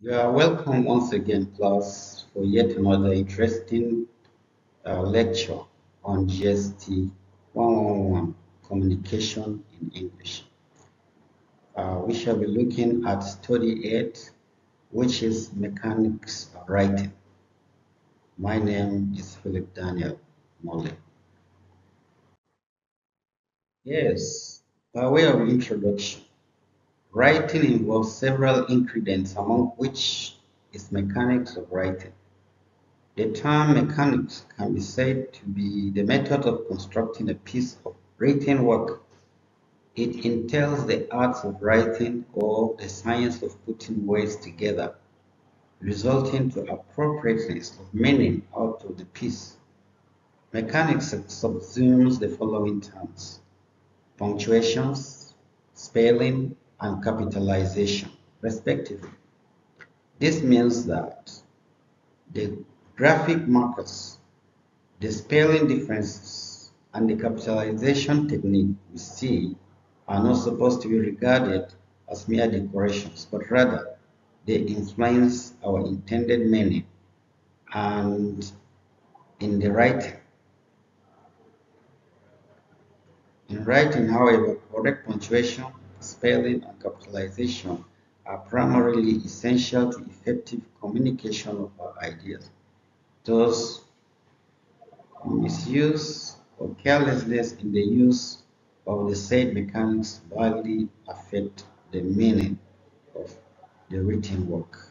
You are welcome once again, class, for yet another interesting uh, lecture on GST 111 Communication in English. Uh, we shall be looking at study 8, which is Mechanics Writing. My name is Philip Daniel Molly. Yes, by way of introduction, Writing involves several ingredients, among which is mechanics of writing. The term mechanics can be said to be the method of constructing a piece of written work. It entails the arts of writing or the science of putting words together, resulting to appropriateness of meaning out of the piece. Mechanics subsumes the following terms punctuations, spelling, and capitalization respectively. This means that the graphic markers, the spelling differences, and the capitalization technique we see are not supposed to be regarded as mere decorations, but rather they influence our intended meaning and in the writing. In writing, however, correct punctuation spelling and capitalization are primarily essential to effective communication of our ideas. Thus, misuse or carelessness in the use of the said mechanics badly affect the meaning of the written work.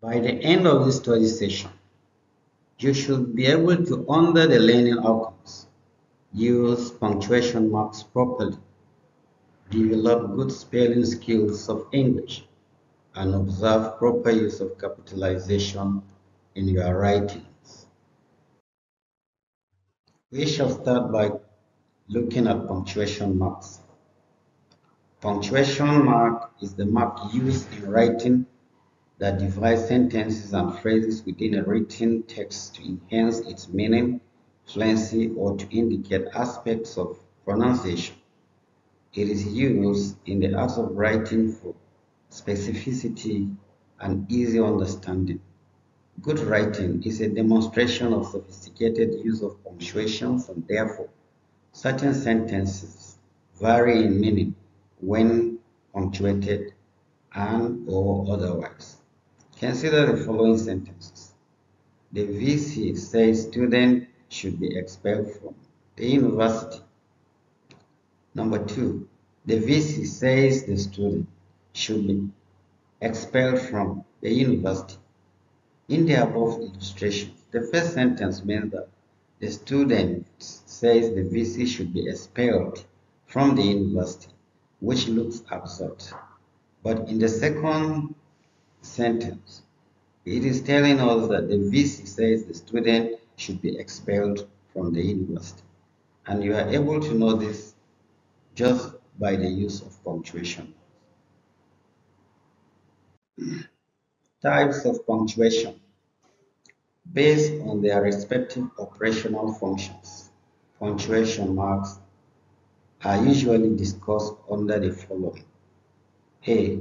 By the end of this study session, you should be able to under the learning outcomes, use punctuation marks properly, develop good spelling skills of English, and observe proper use of capitalization in your writings. We shall start by looking at punctuation marks. Punctuation mark is the mark used in writing that divides sentences and phrases within a written text to enhance its meaning, fluency, or to indicate aspects of pronunciation. It is used in the act of writing for specificity and easy understanding. Good writing is a demonstration of sophisticated use of punctuation, and therefore certain sentences vary in meaning when punctuated and or otherwise. Consider the following sentences. The VC says student should be expelled from the university. Number two, the VC says the student should be expelled from the university. In the above illustration, the first sentence means that the student says the VC should be expelled from the university, which looks absurd. But in the second sentence. It is telling us that the VC says the student should be expelled from the university. And you are able to know this just by the use of punctuation. Types of punctuation based on their respective operational functions. Punctuation marks are usually discussed under the following. A.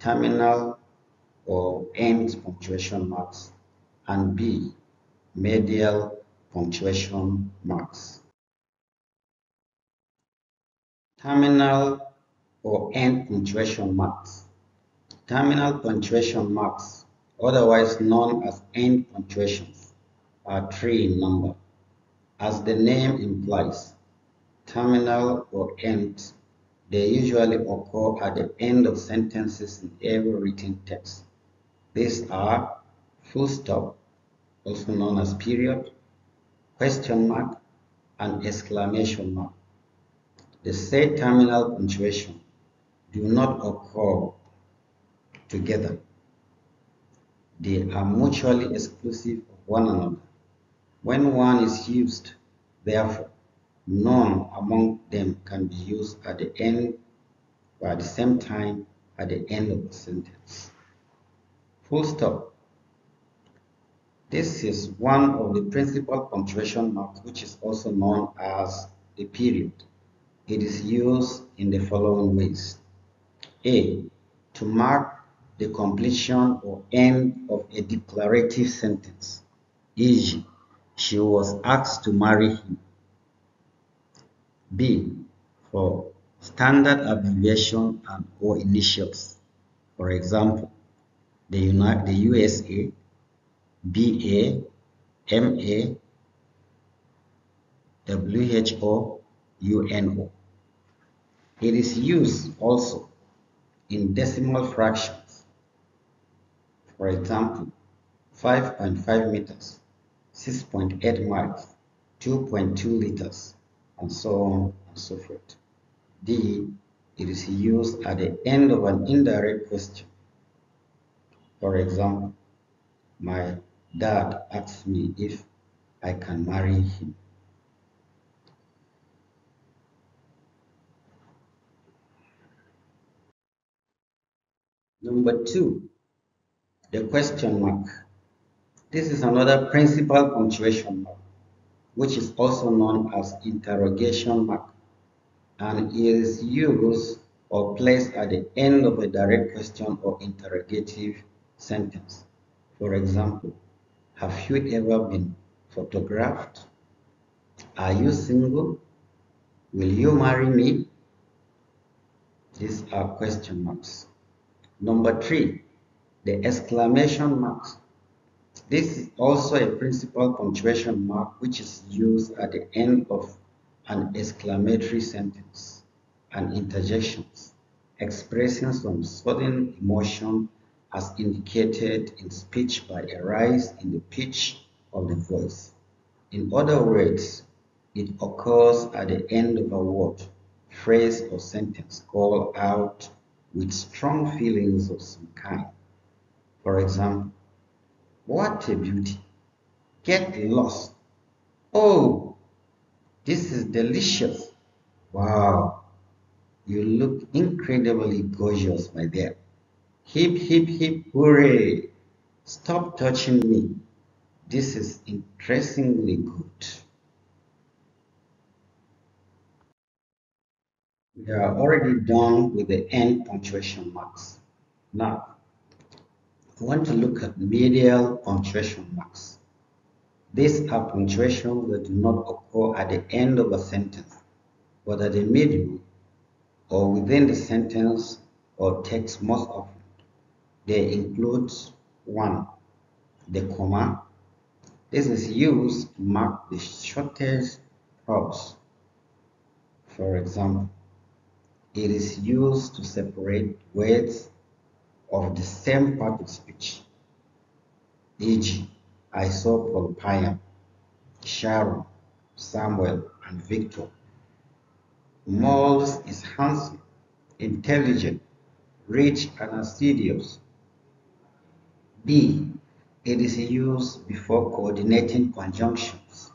Terminal or end punctuation marks and B medial punctuation marks. Terminal or end punctuation marks. Terminal punctuation marks, otherwise known as end punctuations, are three in number. As the name implies, terminal or end, they usually occur at the end of sentences in every written text these are full stop, also known as period, question mark, and exclamation mark. The said terminal punctuation do not occur together. They are mutually exclusive of one another. When one is used, therefore, none among them can be used at the end or at the same time at the end of a sentence. Full stop. This is one of the principal punctuation marks which is also known as the period. It is used in the following ways. A. To mark the completion or end of a declarative sentence. E.g., she was asked to marry him. B. For standard abbreviation and or initials. For example, the, United, the USA, BA, MA, WHO, UNO. It is used also in decimal fractions. For example, 5.5 meters, 6.8 miles, 2.2 liters, and so on and so forth. D, it is used at the end of an indirect question for example, my dad asks me if I can marry him. Number two, the question mark. This is another principal punctuation mark, which is also known as interrogation mark, and is used or placed at the end of a direct question or interrogative sentence. For example, have you ever been photographed? Are you single? Will you marry me? These are question marks. Number three, the exclamation marks. This is also a principal punctuation mark which is used at the end of an exclamatory sentence and interjections expressing some sudden emotion as indicated in speech by a rise in the pitch of the voice. In other words, it occurs at the end of a word, phrase, or sentence called out with strong feelings of some kind. For example, what a beauty! Get lost! Oh, this is delicious! Wow, you look incredibly gorgeous, my dear. Hip, hip, hip, hooray! Stop touching me. This is interestingly good. We are already done with the end punctuation marks. Now, I want to look at medial punctuation marks. These are punctuations that do not occur at the end of a sentence, but at the middle or within the sentence or text most often they include one the comma this is used to mark the shortest rows for example it is used to separate words of the same part of speech e.g. I saw Paul Payam, Sharon, Samuel and Victor Moles is handsome, intelligent, rich and assiduous B. It is used before coordinating conjunctions,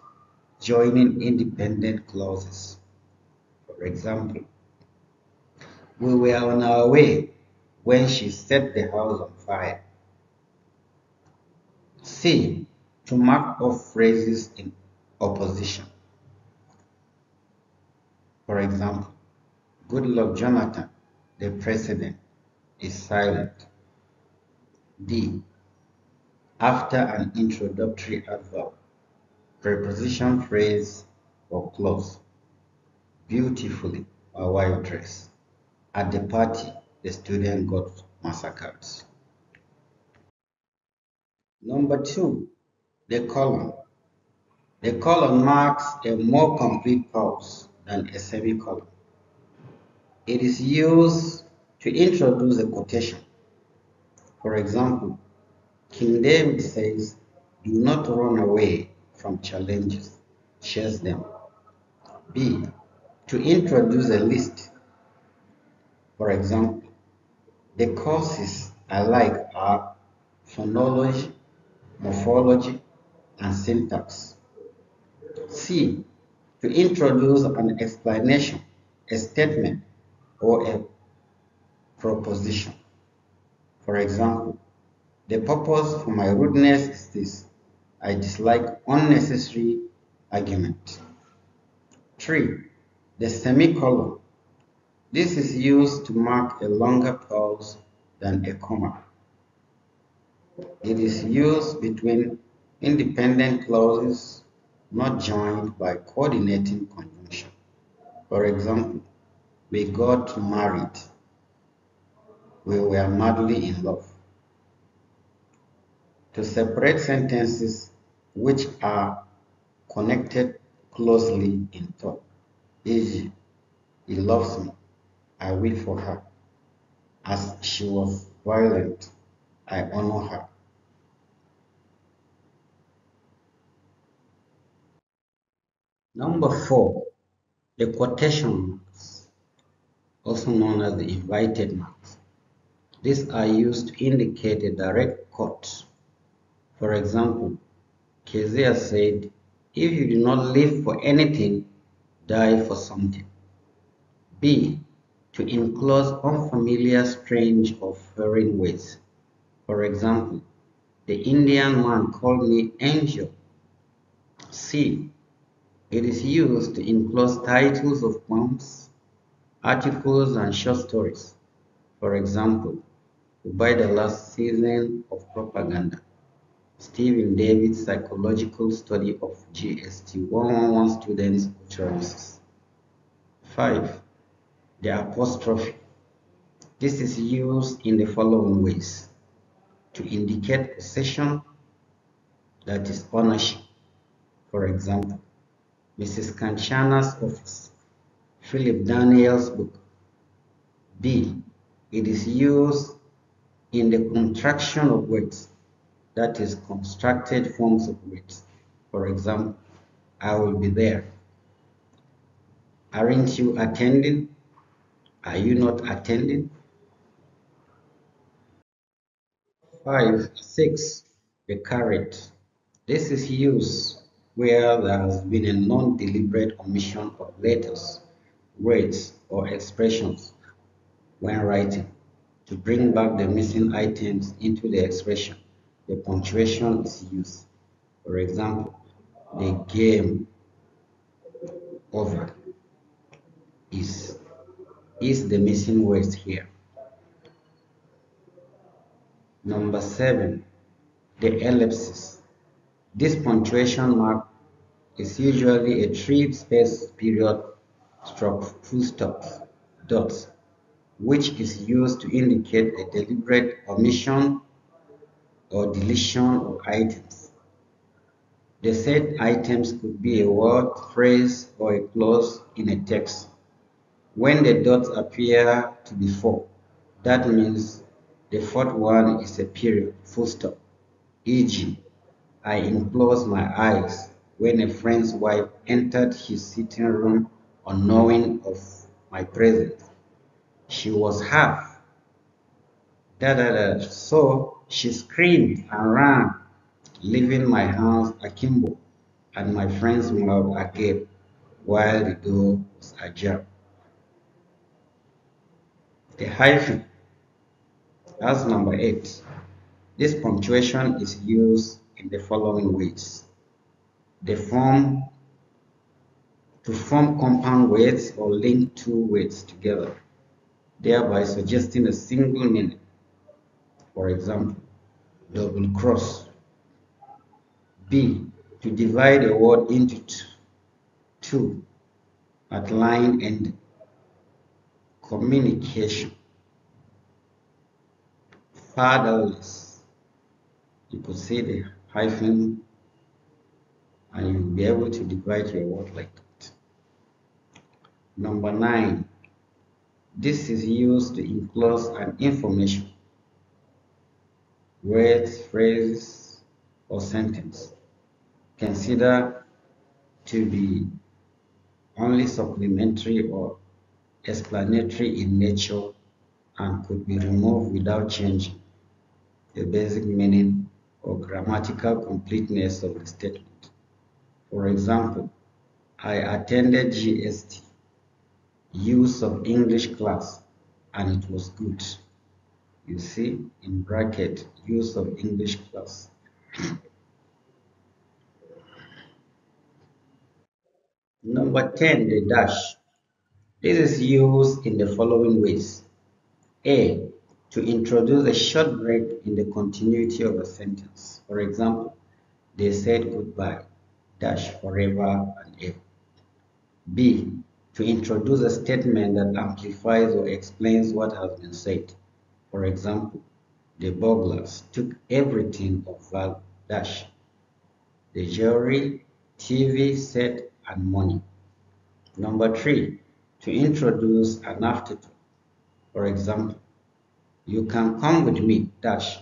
joining independent clauses. For example, we were on our way when she set the house on fire. C. To mark off phrases in opposition. For example, good luck Jonathan, the president, is silent. D after an introductory adverb, preposition phrase, or clause. Beautifully, a wife dress. At the party, the student got massacred. Number two, the colon. The colon marks a more complete pause than a semicolon. It is used to introduce a quotation. For example, King David says, Do not run away from challenges, chase them. B. To introduce a list. For example, the courses I like are phonology, morphology, and syntax. C. To introduce an explanation, a statement, or a proposition. For example, the purpose for my rudeness is this. I dislike unnecessary argument. 3. The semicolon. This is used to mark a longer pause than a comma. It is used between independent clauses not joined by coordinating conjunction. For example, we got married. We were madly in love to separate sentences which are connected closely in thought, e.g., he loves me, I wait for her. As she was violent, I honor her. Number four, the quotation marks, also known as the invited marks. These are used to indicate a direct quote for example, Keziah said, If you do not live for anything, die for something. B. To enclose unfamiliar, strange, or foreign ways. For example, the Indian man called me angel. C. It is used to enclose titles of poems, articles, and short stories. For example, by the last season of propaganda. Stephen David's psychological study of GST 111 students' choices. 5. The apostrophe. This is used in the following ways to indicate possession that is ownership. For example, Mrs. Kanchana's office, Philip Daniel's book. B. It is used in the contraction of words that is constructed forms of words. For example, I will be there. Aren't you attending? Are you not attending? Five, six, the carrot. This is used where there has been a non-deliberate omission of letters, words, or expressions when writing to bring back the missing items into the expression the punctuation is used. For example, the game over is is the missing words here. Number seven, the ellipsis. This punctuation mark is usually a three space period stroke full stops dots, which is used to indicate a deliberate omission or deletion of items. The said items could be a word, phrase, or a clause in a text. When the dots appear to be four, that means the fourth one is a period, full stop. E.g., I closed my eyes when a friend's wife entered his sitting room unknowing of my presence. She was half Da, da, da. So she screamed and ran, leaving my hands akimbo and my friend's mouth agape while the door was ajar. The hyphen. That's number eight. This punctuation is used in the following ways. The form to form compound words or link two words together, thereby suggesting a single meaning for example, double cross. B, to divide a word into two at line and communication. Fatherless. You could say the hyphen and you'll be able to divide your word like that. Number nine, this is used to enclose an information words, phrases, or sentence considered to be only supplementary or explanatory in nature and could be removed without changing the basic meaning or grammatical completeness of the statement. For example, I attended GST, use of English class, and it was good. You see in bracket use of English class. Number 10, the dash. This is used in the following ways. A. To introduce a short break in the continuity of a sentence. For example, they said goodbye, dash forever and ever. B. To introduce a statement that amplifies or explains what has been said. For example, the burglars took everything of Valdash: dash, the jewelry, TV set, and money. Number three, to introduce an afterthought. For example, you can come with me dash,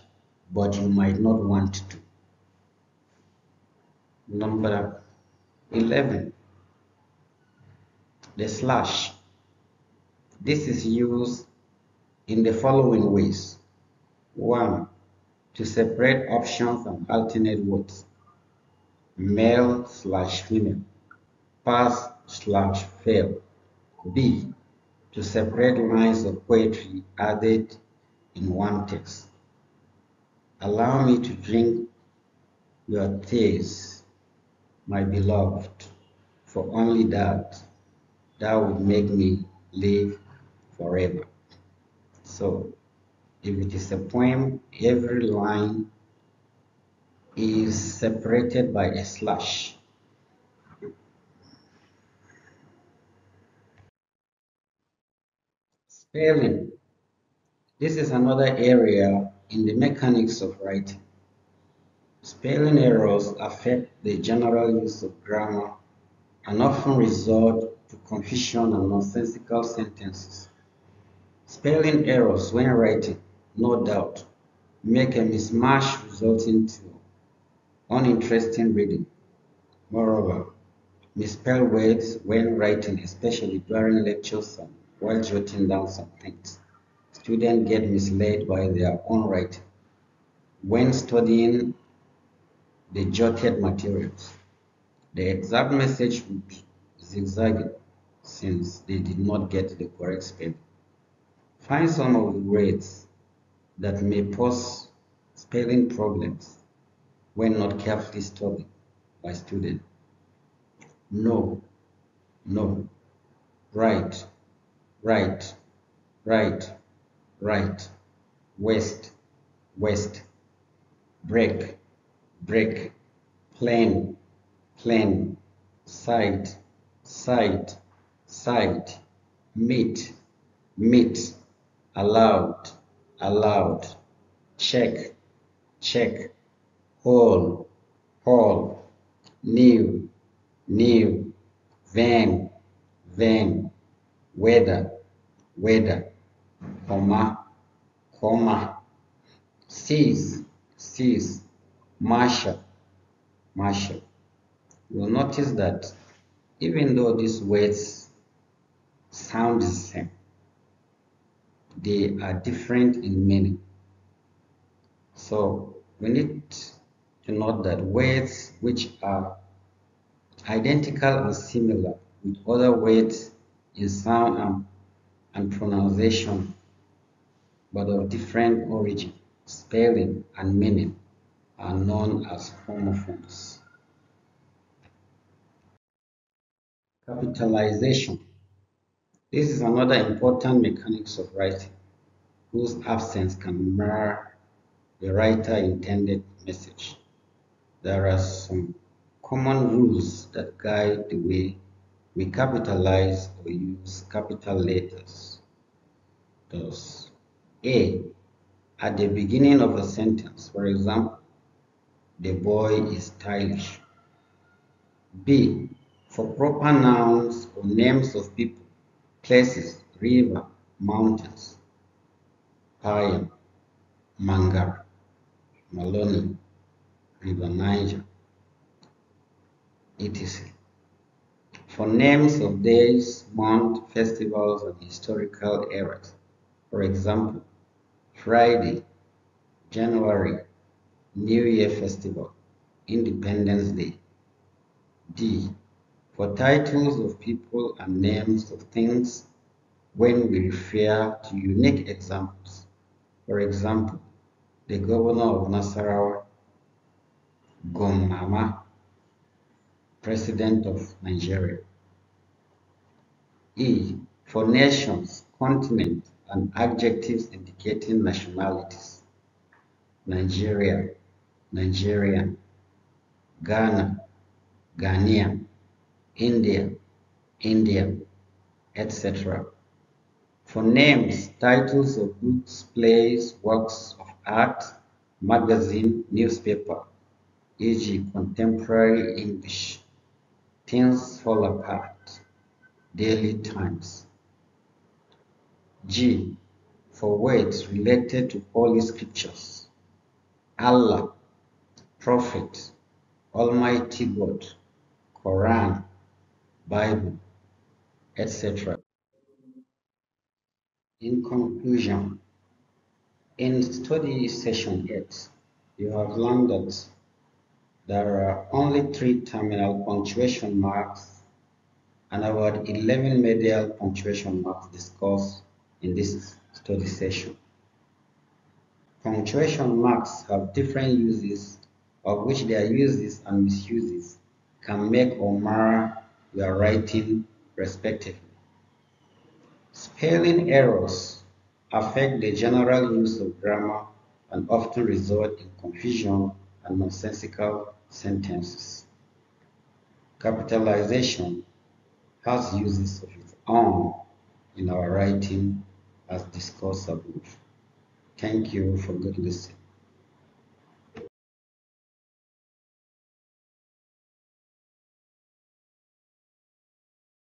but you might not want to. Number 11, the slash. This is used in the following ways. 1. To separate options and alternate words. Male slash female. Pass slash fail. B. To separate lines of poetry added in one text. Allow me to drink your tears, my beloved, for only that, that would make me live forever. So if it is a poem, every line is separated by a slash. Spelling. This is another area in the mechanics of writing. Spelling errors affect the general use of grammar and often result to confusion and nonsensical sentences. Spelling errors when writing, no doubt, make a mismatch resulting to uninteresting reading. Moreover, misspell words when writing, especially during lectures and while jotting down some things. Students get misled by their own writing when studying the jotted materials. The exact message would zigzag since they did not get the correct spelling. Find some of the words that may pose spelling problems when not carefully studied by students. No, no, right, right, right, right, west, west, break, break, plane, plane, side, side, side, meet, meet, allowed, allowed, check, check, whole, whole, new, new, van, van, weather, weather, comma, comma, cease, cease, marshal, marshal. You'll notice that even though these words sound the same, they are different in meaning. So we need to note that words which are identical or similar with other words in sound and, and pronunciation but of different origin, spelling, and meaning are known as homophones. Capitalization this is another important mechanics of writing, whose absence can mar the writer intended message. There are some common rules that guide the way we capitalize or use capital letters. Thus, A, at the beginning of a sentence, for example, the boy is stylish. B, for proper nouns or names of people, places, river, mountains, Payam, Mangar, Maloney, River Niger, etc. For names of days, months, festivals, and historical eras. For example, Friday, January, New Year Festival, Independence Day. D for titles of people and names of things when we refer to unique examples. For example, the governor of Nasarawa, Gomama, president of Nigeria. E, for nations, continent, and adjectives indicating nationalities. Nigeria, Nigerian, Ghana, Ghanaian, India, India, etc. For names, titles of books, plays, works of art, magazine, newspaper, e.g. contemporary English, things fall apart, daily times. G. For words related to holy scriptures, Allah, Prophet, Almighty God, Quran, Bible, etc. In conclusion, in study session 8, you have learned that there are only three terminal punctuation marks and about 11 medial punctuation marks discussed in this study session. Punctuation marks have different uses of which their uses and misuses can make or mar we are writing respectively. Spelling errors affect the general use of grammar and often result in confusion and nonsensical sentences. Capitalization has uses of its own in our writing as discussed above. Thank you for good listening.